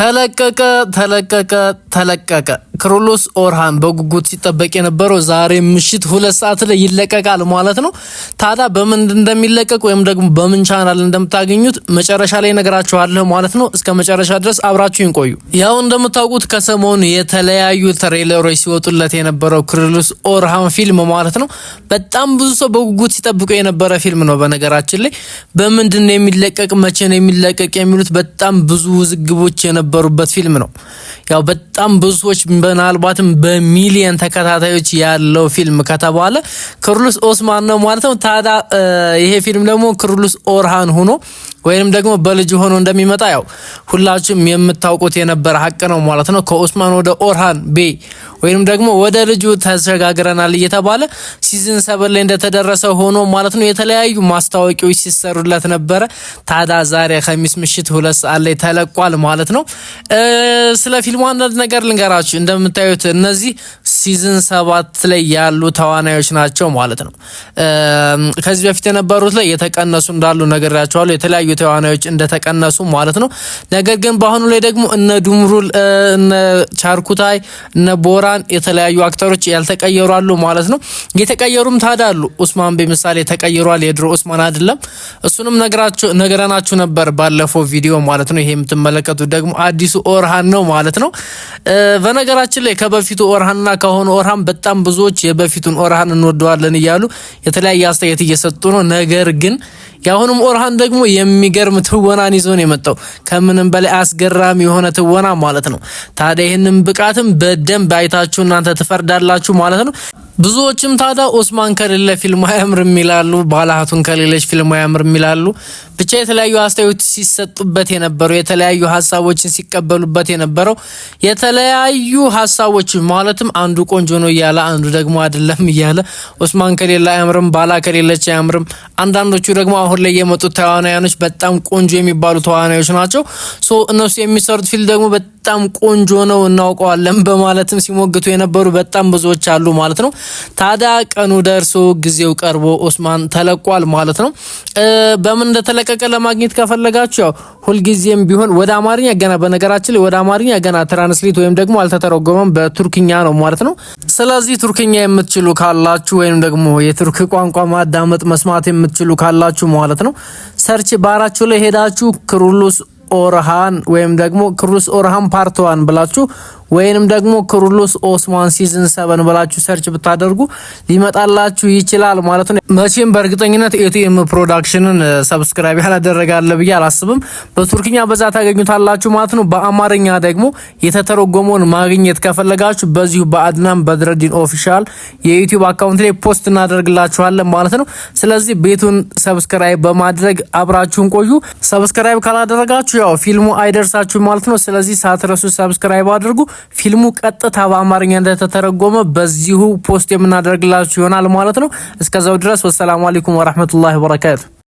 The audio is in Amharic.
ተለቀቀ ተለቀቀ ተለቀቀ ክሮሎስ ኦርሃን በጉጉት ሲጠበቅ የነበረው ዛሬ ምሽት ሁለት ሰዓት ላይ ይለቀቃል ማለት ነው። ታዲያ በምን እንደሚለቀቅ ወይም ደግሞ በምን ቻናል እንደምታገኙት መጨረሻ ላይ ነግራችኋለሁ ማለት ነው። እስከ መጨረሻ ድረስ አብራችሁን ቆዩ። ያው እንደምታውቁት ከሰሞኑ የተለያዩ ትሬለሮች ሲወጡለት የነበረው ክሮሎስ ኦርሃን ፊልም ማለት ነው በጣም ብዙ ሰው በጉጉት ሲጠብቁ የነበረ ፊልም ነው። በነገራችን ላይ በምንድን ነው የሚለቀቅ፣ መቼ ነው የሚለቀቅ የሚሉት በጣም ብዙ ውዝግቦች የነበሩበት ፊልም ነው። ያው በጣም ብዙ ሰዎች ምናልባትም በሚሊየን ተከታታዮች ያለው ፊልም ከተባለ ክርሉስ ኦስማን ነው ማለት ነው። ታዲያ ይሄ ፊልም ደግሞ ክርሉስ ኦርሃን ሆኖ ወይንም ደግሞ በልጅ ሆኖ እንደሚመጣ ያው ሁላችሁም የምታውቁት የነበረ ሀቅ ነው ማለት ነው። ከኦስማን ወደ ኦርሃን ቤ ወይም ደግሞ ወደ ልጁ ተሸጋግረናል እየተባለ ሲዝን ሰብን ላይ እንደተደረሰ ሆኖ ማለት ነው የተለያዩ ማስታወቂያዎች ሲሰሩለት ነበረ። ታዳ ዛሬ ከሚስ ምሽት ሁለት ሰዓት ላይ ተለቋል ማለት ነው። ስለ ፊልሙ አንዳንድ ነገር ልንገራችሁ። እንደምታዩት እነዚህ ሲዝን ሰባት ላይ ያሉ ተዋናዮች ናቸው ማለት ነው። ከዚህ በፊት የነበሩት ላይ የተቀነሱ እንዳሉ ነግሬያቸዋለሁ። የተለያዩ ተዋናዮች እንደተቀነሱ ማለት ነው። ነገር ግን በአሁኑ ላይ ደግሞ እነ ዱምሩል፣ እነ ቻርኩታይ፣ እነ ቦራን የተለያዩ አክተሮች ያልተቀየሩ አሉ ማለት ነው። የተቀየሩም ታዲያ አሉ። ኡስማን በምሳሌ ተቀይሯል። የድሮ ኡስማን አይደለም። እሱንም ነግረናችሁ ነበር ባለፈው ቪዲዮ ማለት ነው። ይሄ የምትመለከቱት ደግሞ አዲሱ ኦርሃን ነው ማለት ነው። በነገራችን ላይ ከበፊቱ ኦርሃንና ከሆነ ኦርሃን በጣም ብዙዎች የበፊቱን ኦርሃን እንወደዋለን እያሉ የተለያየ አስተያየት እየሰጡ ነው። ነገር ግን የአሁኑም ኦርሃን ደግሞ የሚገርም ትወናን ይዞ ነው የመጣው። ከምንም በላይ አስገራሚ የሆነ ትወና ማለት ነው። ታዲያ ይህንን ብቃትም በደንብ አይታችሁ እናንተ ትፈርዳላችሁ ማለት ነው። ብዙዎችም ታዲያ ኦስማን ከሌለ ፊልሙ አያምርም ይላሉ፣ ባለሀቱን ከሌለች ፊልሙ አያምርም ይላሉ። ብቻ የተለያዩ አስተያየቶች ሲሰጡበት የነበረው የተለያዩ ሀሳቦችን ሲቀበሉበት የነበረው የተለያዩ ሀሳቦች ማለትም አንዱ ቆንጆ ነው እያለ አንዱ ደግሞ አይደለም እያለ ኦስማን ከሌለ አያምርም፣ ባላ ከሌለች አያምርም። አንዳንዶቹ ደግሞ አሁን ላይ የመጡት ተዋናያኖች በጣም ቆንጆ የሚባሉ ተዋናዮች ናቸው። ሶ እነሱ የሚሰሩት ፊልም ደግሞ በጣም ቆንጆ ነው እናውቀዋለን በማለትም ሲሞግቱ የነበሩ በጣም ብዙዎች አሉ ማለት ነው። ታዲያ ቀኑ ደርሶ ጊዜው ቀርቦ ኦስማን ተለቋል ማለት ነው። በምን እንደተለቀቀ ለማግኘት ከፈለጋችሁ ያው ሁልጊዜም ቢሆን ወደ አማርኛ ገና በነገራችን ላይ ወደ አማርኛ ገና ትራንስሌት ወይም ደግሞ አልተተረጎመም በቱርክኛ ነው ማለት ነው። ስለዚህ ቱርክኛ የምትችሉ ካላችሁ ወይም ደግሞ የቱርክ ቋንቋ ማዳመጥ መስማት የምትችሉ ካላችሁ ማለት ነው ሰርች ባራችሁ ላይ ሄዳችሁ ክሩሉስ ኦርሃን ወይም ደግሞ ክሩስ ኦርሃን ፓርትዋን ብላችሁ ወይንም ደግሞ ክሩሉስ ኦስማን ሲዝን ሰበን ብላችሁ ሰርች ብታደርጉ ሊመጣላችሁ ይችላል ማለት ነው። መቼም በእርግጠኝነት ኤቲኤም ፕሮዳክሽንን ሰብስክራይብ uh, ያላደረጋለ ብዬ አላስብም። በቱርክኛ በዛ ታገኙታላችሁ ማለት ነው። በአማርኛ ደግሞ የተተረጎመውን ማግኘት ከፈለጋችሁ በዚሁ በአድናን በድረዲን ኦፊሻል የዩቲዩብ አካውንት ላይ ፖስት እናደርግላችኋለን ማለት ነው። ስለዚህ ቤቱን ሰብስክራይብ በማድረግ አብራችሁን ቆዩ። ሰብስክራይብ ካላደረጋችሁ ያው ፊልሙ አይደርሳችሁ ማለት ነው። ስለዚህ ሳትረሱ ሰብስክራይብ አድርጉ። ፊልሙ ቀጥታ በአማርኛ እንደተተረጎመ በዚሁ ፖስት የምናደርግላችሁ ይሆናል ማለት ነው። እስከዛው ድረስ ወሰላሙ አሌይኩም ወረህመቱላሂ ወበረካቱ።